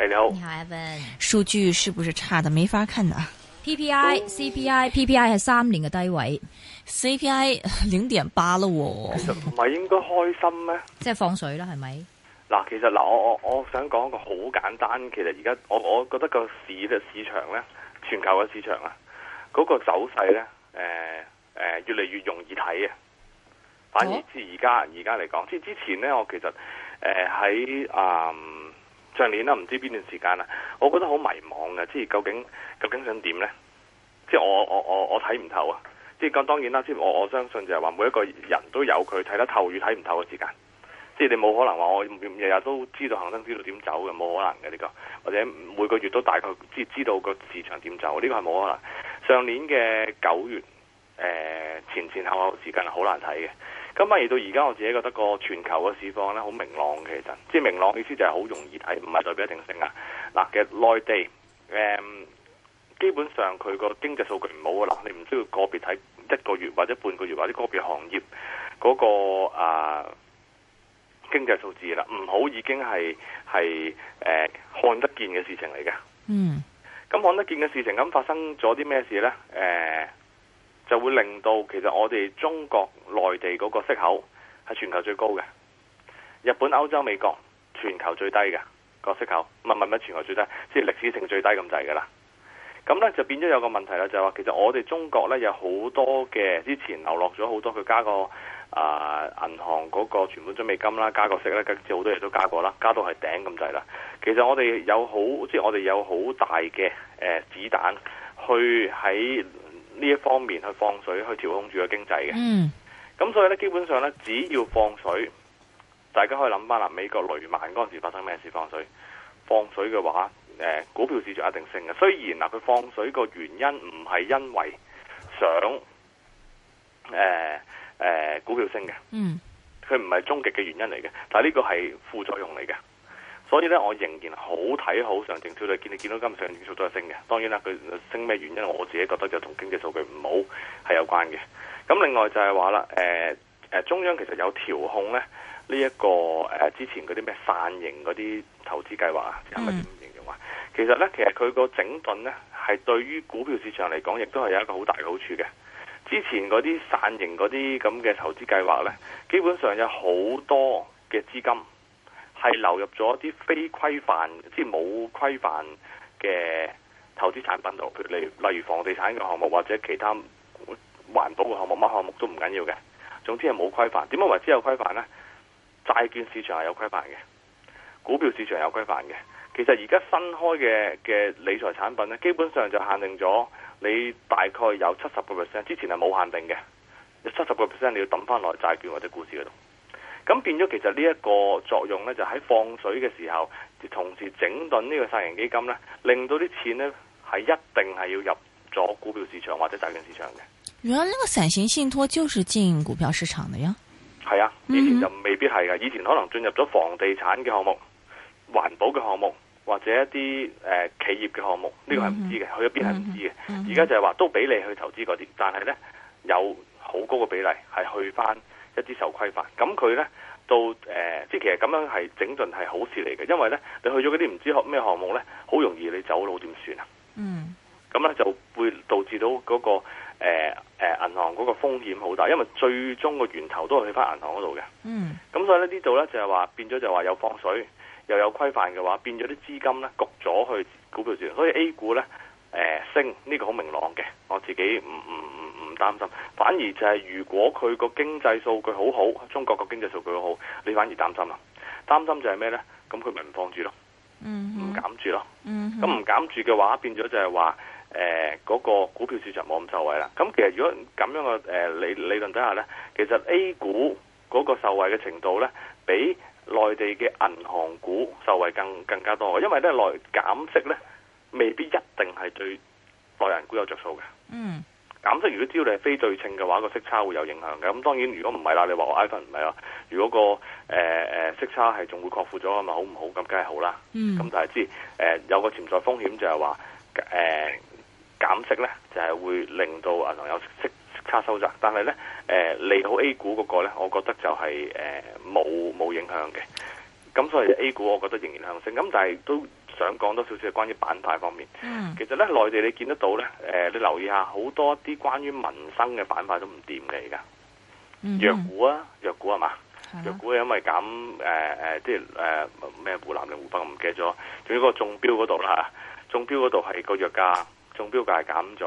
Hey, 你好，你好，Ivan，數據是不是差得沒法看啊？PPI、CPI、PPI 係三年嘅低位，CPI 零點八啦。其實唔係應該開心咩？即 係放水啦，係咪？嗱，其實嗱，我我我想講一個好簡單，其實而家我我覺得個市嘅市場咧，全球嘅市場啊，嗰、那個走勢咧，誒、呃、誒、呃，越嚟越容易睇啊！反而，以至而家而家嚟講，即係之前咧，我其實誒喺啊。呃在呃上年啦，唔知邊段時間啦，我覺得好迷茫嘅，即係究竟究竟想點呢？即係我我我我睇唔透啊！即係咁當然啦，即係我我相信就係話每一個人都有佢睇得透與睇唔透嘅時間。即係你冇可能話我日日都知道恒生指數點走嘅，冇可能嘅呢個。或者每個月都大概知知道個市場點走，呢個係冇可能的。上年嘅九月，前前后後時間係好難睇嘅。咁反而到而家，我自己覺得個全球嘅市況咧好明朗，其實，即係明朗意思就係好容易睇，唔係代表一定升啊。嗱嘅內地基本上佢個經濟數據唔好啊，啦你唔需要個別睇一個月或者半個月或者個別行業嗰個啊經濟數字啦，唔好已經係係誒看得見嘅事情嚟嘅。嗯。咁看得見嘅事情，咁發生咗啲咩事呢？啊就會令到其實我哋中國內地嗰個息口係全球最高嘅，日本、歐洲、美國全球最低嘅個息口，唔係唔係全球最低，即係歷史性最低咁滯㗎啦。咁咧就變咗有一個問題啦，就係話其實我哋中國咧有好多嘅之前流落咗好多，佢加個呃銀行嗰個存款準備金啦，加個息咧，跟住好多嘢都加過啦，加到係頂咁滯啦。其實我哋有好，即係我哋有好大嘅誒子彈去喺。呢一方面去放水去調控住個經濟嘅，咁所以呢，基本上呢，只要放水，大家可以諗翻啦，美國雷曼嗰陣時發生咩事？放水，放水嘅話，誒，股票市場一定升嘅。雖然嗱，佢放水個原因唔係因為想，誒、呃、誒、呃，股票升嘅，嗯，佢唔係終極嘅原因嚟嘅，但係呢個係副作用嚟嘅。所以咧，我仍然好睇好上證指數，見你見到今上證指數都係升嘅。當然啦，佢升咩原因，我自己覺得就同經濟數據唔好係有關嘅。咁另外就係話啦，誒中央其實有調控咧呢一個誒之前嗰啲咩散型嗰啲投資計劃啊，係咪點形容啊、mm.？其實咧，其實佢個整頓咧係對於股票市場嚟講，亦都係有一個好大嘅好處嘅。之前嗰啲散型嗰啲咁嘅投資計劃咧，基本上有好多嘅資金。係流入咗一啲非規範，即係冇規範嘅投資產品度，譬如例如房地產嘅項目或者其他環保嘅項目，乜項目都唔緊要嘅。總之係冇規範，點解為之有規範呢？債券市場係有規範嘅，股票市場係有規範嘅。其實而家新開嘅嘅理財產品呢，基本上就限定咗你大概有七十個 percent，之前係冇限定嘅，有七十個 percent 你要抌翻落債券或者股市嗰度。咁變咗，其實呢一個作用咧，就喺、是、放水嘅時候，同時整頓呢個散型基金咧，令到啲錢咧係一定係要入咗股票市場或者債券市場嘅。原來呢個散型信託就是進股票市場嘅呀？係啊，以前就未必係噶，以前可能進入咗房地產嘅項目、環保嘅項目或者一啲誒、呃、企業嘅項目，呢、這個係唔知嘅，去咗邊係唔知嘅。而、嗯、家、嗯、就係話都俾你去投資嗰啲，但係咧有好高嘅比例係去翻。一啲受規範，咁佢呢到即係、呃，其實咁樣係整頓係好事嚟嘅。因為呢你去咗嗰啲唔知學咩項目呢，好容易你走佬點算啊？嗯，咁呢就會導致到嗰、嗰個誒、呃呃、銀行嗰個風險好大，因為最終個源頭都係去翻銀行嗰度嘅。嗯，咁所以呢呢度呢，就係、係、話變咗就話有放水，又有規範嘅話，變咗啲資金呢焗咗去股票市場，所以 A 股呢。誒、呃，升呢，這個好明朗嘅，我自己唔唔唔唔擔心。反而就係如果佢個經濟數據好好，中國個經濟數據好好，你反而擔心啦。擔心就係咩呢？咁佢咪唔放住咯，唔減住咯。咁唔減住嘅話，變咗就係話誒嗰個股票市場冇咁受惠啦。咁其實如果咁樣嘅，誒、呃、理理論底下呢，其實 A 股嗰個受惠嘅程度呢，比內地嘅銀行股受惠更更加多。因為咧，內減息呢。未必一定係對代人股有着數嘅。嗯，減息如果只要你係非對稱嘅話，個息差會有影響嘅。咁當然如果唔係啦，你話我 iPhone 唔係啦，如果、個誒誒、呃、息差係仲會擴闊咗咁啊，咁好唔好？咁梗係好啦。嗯。咁但係知誒有個潛在風險就係話誒減息咧，就係、是、會令到銀行有息息，息差收窄。但係咧誒利好 A 股嗰個咧，我覺得就係誒冇冇影響嘅。咁所以 A 股我覺得仍然向性。咁但係都。想講多少少係關於板塊方面，嗯、其實咧內地你見得到咧，誒、呃、你留意下好多啲關於民生嘅板塊都唔掂嘅而家。藥、嗯、股啊，藥股係嘛？藥股因為減誒誒，即係誒咩湖南定湖北我唔記得咗，仲有個中標嗰度啦，中標嗰度係個藥價，中標價係減咗誒、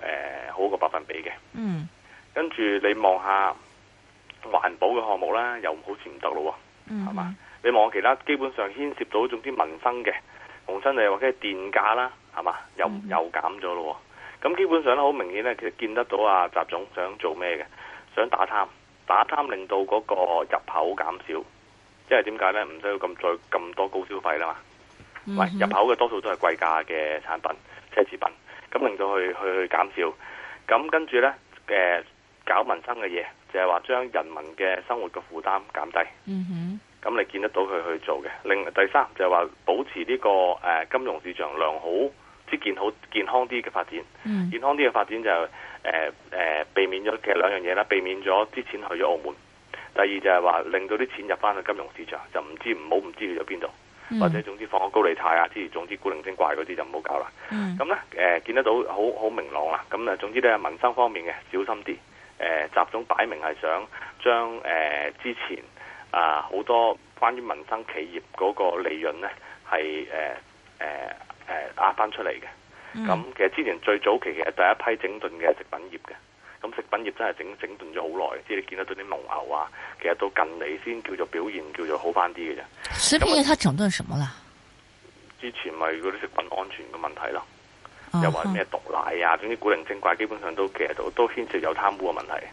呃、好個百分比嘅，嗯，跟住你望下環保嘅項目咧，又好似唔得咯喎，係、嗯、嘛？你望其他，基本上牽涉到仲啲民生嘅，講真你或者係電價啦，係嘛？又、mm -hmm. 又減咗咯。咁基本上咧，好明顯咧，其實見得到啊，習總想做咩嘅？想打貪，打貪令到嗰個入口減少，即係點解咧？唔使要咁再咁多高消費啦嘛。Mm -hmm. 喂，入口嘅多數都係貴價嘅產品，奢侈品，咁令到去去減少。咁跟住咧嘅搞民生嘅嘢，就係話將人民嘅生活嘅負擔減低。嗯哼。咁你見得到佢去做嘅，另第三就係、是、話保持呢、這個誒、呃、金融市場良好，即健好健康啲嘅發展。嗯、健康啲嘅發展就誒誒避免咗其實兩樣嘢啦，避免咗啲錢去咗澳門。第二就係話令到啲錢入翻去金融市場，就唔知唔好唔知去咗邊度，或者總之放個高利貸啊之，支持總之古靈精怪嗰啲就唔好搞啦。咁咧誒見得到好好明朗啦。咁啊總之咧民生方面嘅小心啲，誒習總擺明係想將誒、呃、之前。啊！好多關於民生企業嗰個利潤咧，係誒誒誒壓翻出嚟嘅。咁、嗯、其實之前最早期其實第一批整頓嘅食品業嘅。咁食品業真係整整頓咗好耐，即係你見得到啲蒙牛啊。其實到近嚟先叫做表現叫做好翻啲嘅啫。食品業，佢整頓什麼啦？之前咪嗰啲食品安全嘅問題咯、啊，又話咩毒奶啊，總之古靈精怪，基本上都其實都都牽涉有貪污嘅問題。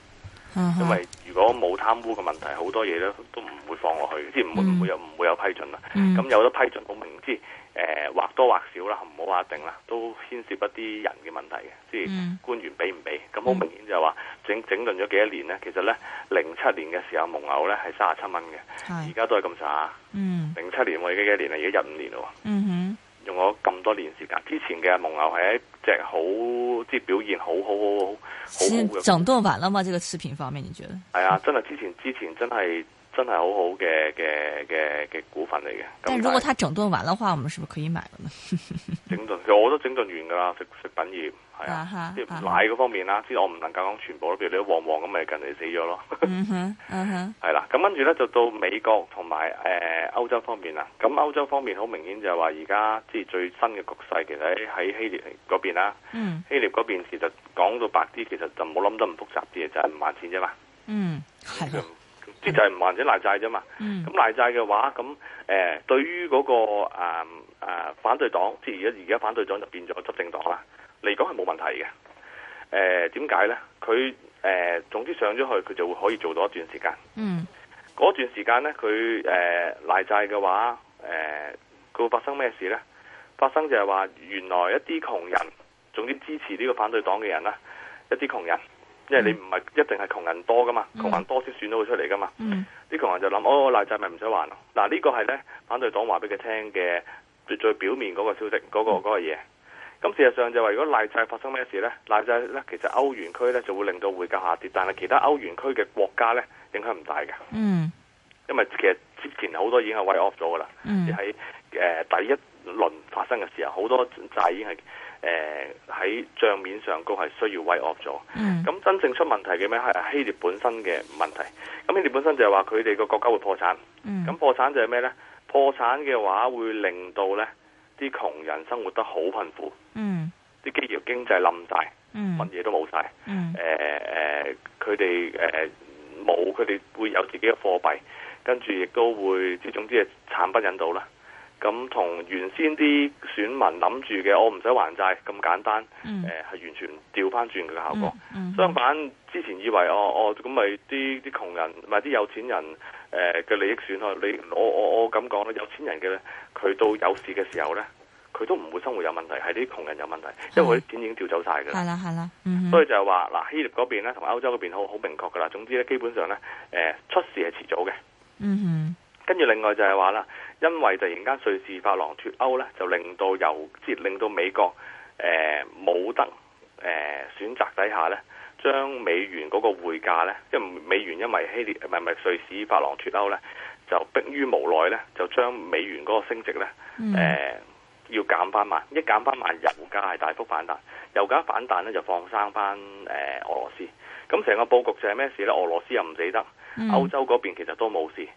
因為如果冇貪污嘅問題，好多嘢咧都唔會放落去，即係唔會唔、嗯、會有唔會有批准啦。咁、嗯、有咗批准，好明知誒，或、呃、多或少啦，唔好話定啦，都牽涉一啲人嘅問題嘅，即係官員俾唔俾。咁、嗯、好明顯就話整整頓咗幾多年咧，其實呢，零七年嘅時候蒙牛呢係三十七蚊嘅，而家都係咁上下。零、嗯、七年我幾多年嚟，而家一五年啦喎、嗯。用咗咁多年時間，之前嘅蒙牛係。好，即係表現好好好好，好好嘅。整頓完啦嘛？這個視頻方面，你覺得？係啊，真係之前之前真係。真係好好嘅嘅嘅嘅股份嚟嘅。但如果佢整頓完嘅話，我們是不是可以買咧？ 整頓，其實我都整頓完噶啦，食食品業係啊，啲、啊、奶嗰方面啦，即、啊、係我唔能夠講全部咯，譬如你旺旺咁咪近年死咗咯。嗯哼，嗯係啦。咁跟住呢，就到美國同埋誒歐洲方面啦。咁歐洲方面好明顯就係話而家即係最新嘅局勢，其實喺希臘嗰邊啦。希臘嗰邊其實講到白啲，其實就冇諗得咁複雜啲嘢，就係唔還錢啫嘛。嗯，即就係唔還錢賴債啫嘛，咁賴債嘅話，咁誒、呃、對於嗰、那個誒誒、呃、反對黨，即係而家而家反對黨就變咗執政黨啦，嚟講係冇問題嘅。誒點解咧？佢誒、呃、總之上咗去，佢就會可以做到一段時間。嗯，嗰段時間咧，佢誒賴債嘅話，誒、呃、佢會發生咩事咧？發生就係話，原來一啲窮人，總之支持呢個反對黨嘅人啦，一啲窮人。即係你唔係一定係窮人多噶嘛，窮、嗯、人多先選到佢出嚟噶嘛。啲、嗯、窮人就諗，哦，賴債咪唔使還咯。嗱、啊、呢、呢個係呢，反對黨話俾佢聽嘅，最，最表面嗰個消息，嗰、嗯嗰個、嗰個嘢。咁、啊、事實上就話，如果賴債發生咩事呢？賴債呢，其實歐元區呢就會令到匯價下跌，但係其他歐元區嘅國家呢影響唔大嘅。嗯，因為其實之前好多已經係 write off 咗噶啦。嗯，喺、呃、第一輪發生嘅時候，好多債已經係。誒、呃，喺賬面上高係需要威壓咗，咁、嗯、真正出問題嘅咩係希臘本身嘅問題，咁希臘本身就係話佢哋個國家會破產，咁、嗯、破產就係咩咧？破產嘅話會令到咧啲窮人生活得好貧苦，啲、嗯、企業經濟冧晒，搵、嗯、嘢都冇晒，誒、嗯、誒，佢哋誒冇，佢、呃、哋、呃、會有自己嘅貨幣，跟住亦都會即總之係慘不忍睹啦。咁同原先啲選民諗住嘅，我唔使還債咁簡單，係、嗯呃、完全調翻轉佢嘅效果、嗯嗯。相反，之前以為哦哦咁咪啲啲窮人，唔係啲有錢人嘅利益損害。你我我我咁講有錢人嘅咧，佢到有事嘅時候咧，佢都唔會生活有問題，係啲窮人有問題，因為錢已經調走晒㗎。係啦係啦、嗯，所以就係話嗱，希臘嗰邊咧，同埋歐洲嗰邊好好明確噶啦。總之咧，基本上咧、呃，出事係遲早嘅。嗯哼，跟住另外就係話啦。因為突然間瑞士法郎脱歐咧，就令到由即令到美國誒冇、呃、得誒、呃、選擇底下咧，將美元嗰個匯價咧，即美元因為希臘唔係唔係瑞士法郎脱歐咧，就迫於無奈咧，就將美元嗰個升值咧誒、呃、要減翻慢，一減翻慢，油價係大幅反彈，油價反彈咧就放生翻誒、呃、俄羅斯，咁成個佈局就係咩事咧？俄羅斯又唔死得，歐洲嗰邊其實都冇事。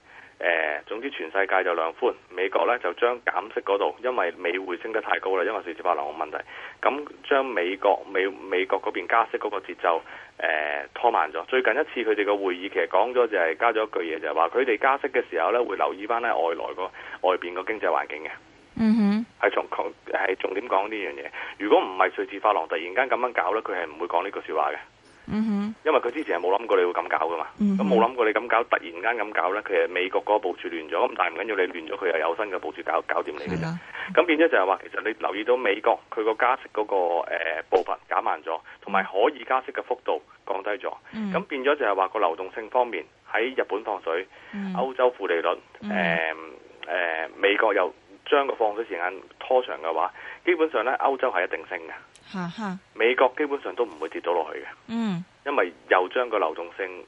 誒、呃，總之全世界就量寬，美國咧就將減息嗰度，因為美匯升得太高啦，因為瑞士法郎個問題，咁將美國美美國嗰邊加息嗰個節奏誒、呃、拖慢咗。最近一次佢哋個會議其實講咗就係、是、加咗一句嘢，就係話佢哋加息嘅時候咧會留意翻咧外來個外邊個經濟環境嘅。嗯、mm、哼 -hmm.，係從係重點講呢樣嘢。如果唔係瑞士法郎突然間咁樣搞咧，佢係唔會講呢句說這個話嘅。嗯哼，因為佢之前係冇諗過你會咁搞噶嘛，咁冇諗過你咁搞，突然間咁搞咧，佢係美國嗰個部署亂咗咁，但係唔緊要，你亂咗佢又有新嘅部署搞搞掂你嘅啫。咁變咗就係話，其實你留意到美國佢個加息嗰個誒步伐減慢咗，同埋可以加息嘅幅度降低咗。咁、嗯、變咗就係話個流動性方面喺日本放水，歐、嗯、洲負利率，誒、嗯、誒、呃呃，美國又將個放水時間拖長嘅話，基本上咧歐洲係一定升嘅。吓吓，美國基本上都唔會跌到落去嘅。嗯，因為又將個流動性誒誒、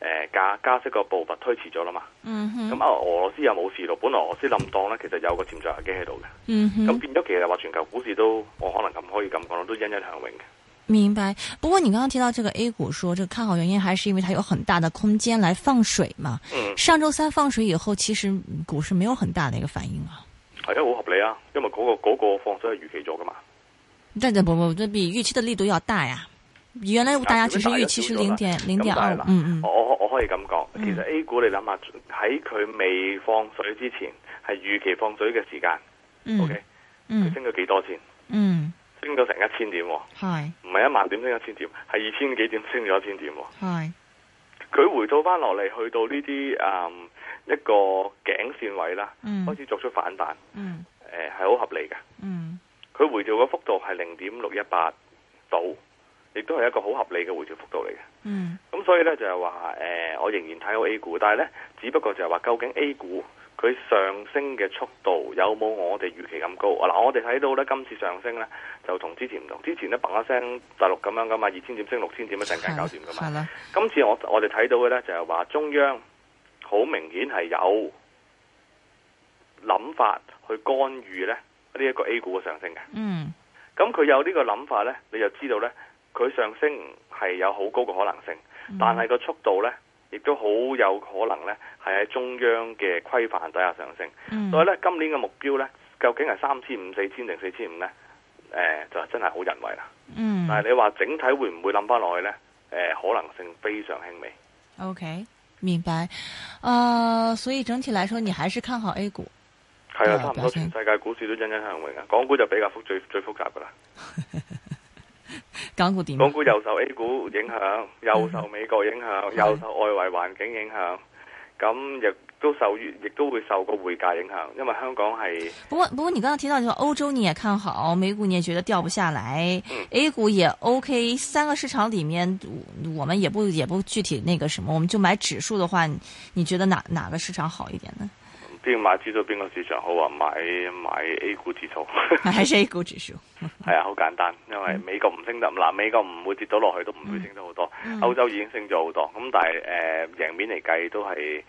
呃、加加息個步伐推遲咗啦嘛。嗯哼，咁啊，俄羅斯又冇事咯。本來俄羅斯冧檔咧，其實有個潛在危機喺度嘅。嗯哼，咁變咗其實話全球股市都，我可能咁可以咁講都欣欣向榮嘅。明白。不過你剛剛提到這個 A 股說，說這看、個、好原因，還是因為它有很大的空間來放水嘛？嗯。上周三放水以後，其實股市沒有很大的一個反應啊。係啊，好合理啊，因為嗰、那個嗰、那個放水係預期咗㗎嘛。但真不不，比預期的力度要大呀，啊！原來大家其實預期是零點零點二，我我可以咁講，嗯，其實 A 股你諗下喺佢未放水之前係預期放水嘅時間，嗯，OK，佢，嗯，升咗幾多錢？嗯，升咗成一千點，哦，係唔係一萬點升一千點？係二千幾點升咗一千點，哦？係佢回吐翻落嚟，去到呢啲誒一個頸線位啦，嗯，開始作出反彈，誒係好合理嘅。嗯。佢回調嘅幅度係零點六一八度，亦都係一個好合理嘅回調幅度嚟嘅。嗯，咁所以呢，就係、是、話，誒、呃，我仍然睇好 A 股，但係呢，只不過就係話，究竟 A 股佢上升嘅速度有冇我哋預期咁高？嗱，我哋睇到呢，今次上升呢，就同之前唔同，之前呢，砰一聲大陸咁樣噶嘛，二千點升六千點一陣間搞掂噶嘛。係啦，今次我我哋睇到嘅呢，就係、是、話中央好明顯係有諗法去干預呢。呢、這、一個 A 股嘅上升嘅，嗯，咁佢有呢個諗法呢，你就知道呢，佢上升係有好高嘅可能性，嗯、但係個速度呢，亦都好有可能呢，係喺中央嘅規範底下上升。嗯、所以呢，今年嘅目標呢，究竟係三千五四千定四千五呢？誒、呃，就真係好人為啦。嗯，但係你話整體會唔會諗翻落去呢？誒、呃，可能性非常輕微。OK，明白。啊、uh,，所以整體來說，你還是看好 A 股。係啊，差唔多全世界股市都欣欣向榮啊，港股就比較複，最最複雜噶啦。 港股點？港股又受 A 股影響，又受美國影響，嗯，又受外圍環境影響，咁亦都受亦都會受個匯價影響，因為香港係。不過不過，你剛剛提到，就歐洲你也看好，美股你也覺得掉不下來，嗯，A 股也 OK，三個市場裏面，我們也不也不具體那個什麼，我們就買指數的話，你覺得哪哪個市場好一點呢？要買知道邊個市場好啊？買買 A 股指數，係 先 A 股指數，係 啊、哎，好簡單，因為美國唔升得，嗱，美國唔會跌到落去，都唔會升得好多、嗯。歐洲已經升咗好多，咁但係誒、呃，贏面嚟計都係誒、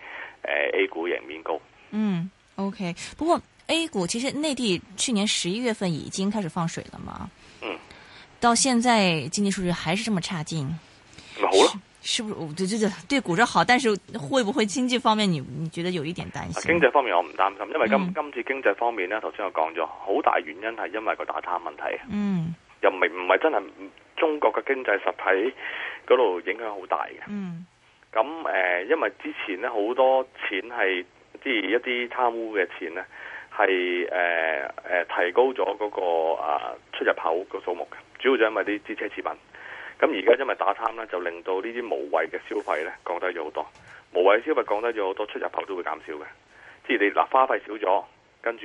呃、A 股贏面高。嗯，OK，不過 A 股其實內地去年十一月份已經開始放水啦嘛，嗯，到現在經濟數據還是這麼差勁，咪、嗯、好咯。 是不是？對，對對，股市好，但是會不會經濟方面你，你你覺得有一點擔心？經濟方面我唔擔心，因為今、嗯、今次經濟方面呢，頭先我講咗，好大原因係因為個打貪問題，嗯，又唔係唔係真係中國嘅經濟實體嗰度影響好大嘅，嗯，咁誒、呃，因為之前呢，好多錢係即係一啲貪污嘅錢呢，係誒誒提高咗嗰、那個、呃、出入口個數目嘅，主要就因為啲支奢侈品。咁而家因為打貪咧，就令到呢啲無謂嘅消費咧降低咗好多，無謂消費降低咗好多，出入口都會減少嘅。即係你嗱花費少咗，跟住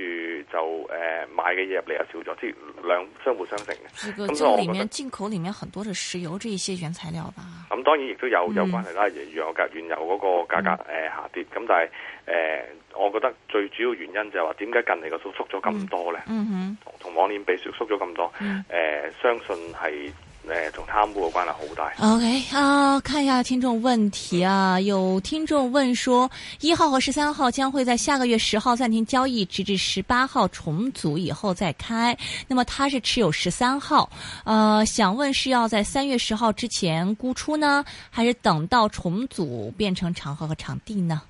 就誒、呃、買嘅嘢入嚟又少咗，即係兩相互相成嘅。咁、這個、所以我覺得、裡面進口裡面很多嘅石油，這一些原材料吧。咁當然亦都有、嗯、有關係啦，原油價、原油嗰個價格、嗯呃、下跌。咁但係、呃、我覺得最主要原因就係話點解近嚟個數縮縮咗咁多咧？嗯同往年比縮縮咗咁多、嗯呃。相信係。誒，同貪污嘅關係好大。OK 啊，看一下聽眾問題啊，有聽眾問說，一號和十三號將會在下個月十號暫停交易，直至十八號重組以後再開。那麼他是持有十三號，呃，想問是要在三月十號之前沽出呢，還是等到重組變成長和和長地呢？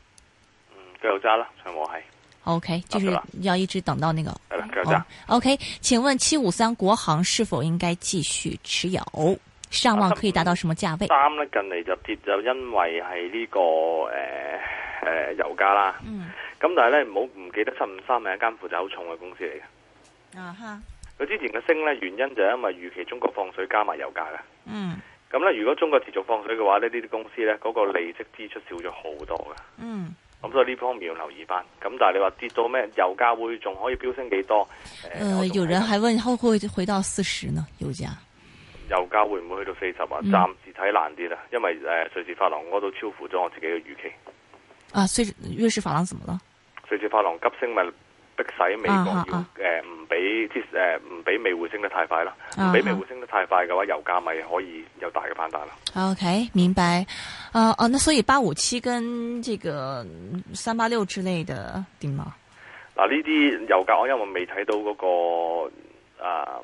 嗯，繼續揸啦，長和係。O、okay, K，就是要一直等到那個 O、okay, K，、okay, okay, 請問七五三國行是否應該繼續持有？上望可以達到什麼價位？啊、三近嚟就跌，就因為係呢、這個誒誒、呃呃、油價啦。嗯。咁但係唔好唔記得七五三係一間負債好重嘅公司嚟嘅。啊哈。佢之前嘅升呢，原因就係因為預期中國放水加埋油價啦。嗯。咁呢，如果中國持續放水嘅話咧，呢啲公司呢嗰、那個利息支出少咗好多嘅。嗯。咁、嗯、所以呢方面要留意翻，咁但係你話跌到咩？油價會仲可以飆升幾多？誒、呃，呃、有人還問後會回到四十呢？油價？油價會唔會去到四十啊、嗯？暫時睇難啲啦，因為誒瑞士法郎我都超乎咗我自己嘅預期。啊，瑞士瑞士法郎怎麼啦？瑞士法郎急升咪。迫使美國要誒唔俾即誒唔俾美匯升得太快啦，唔俾美匯升得太快嘅話，油價咪可以有大嘅反彈啦。OK，明白。啊、呃、啊、哦，那所以八五七跟這個三八六之類的點啊？嗱，呢啲油價我因為未睇到嗰、那個、呃、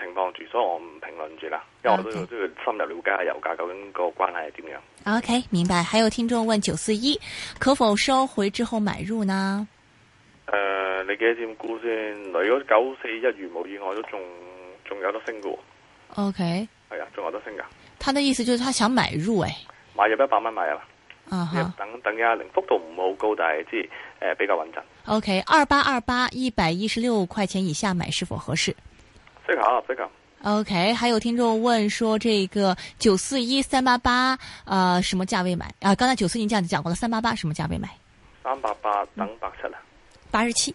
情況住，所以我唔評論住啦，因為我都都要、okay. 深入了解下油價究竟個關係係點樣。OK，明白。還有聽眾問九四一可否收回之後買入呢？誒、呃。你幾多點估先？如果九四一如無意外都仲仲有得升嘅、哦。O K 係啊，仲有得升噶。他的意思就是他想買入、哎，誒，買入一百蚊買入啦。啊、uh -huh. 等等廿零，幅度唔好高，但係即係誒比較穩陣。O K，二八二八一百一十六塊錢以下買是否合適？這個啊，這個。O、okay, K，還有聽眾問說，這個九四一三八八，啊，什麼價位買？啊，剛才九四一你講過了，三八八什麼價位買？三八八等八七啦。八十七。